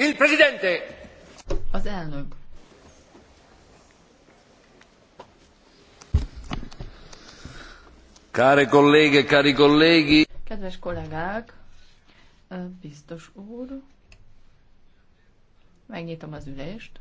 Il Presidente! Az elnök. Care cari Kedves kollégák, biztos úr, megnyitom az ülést.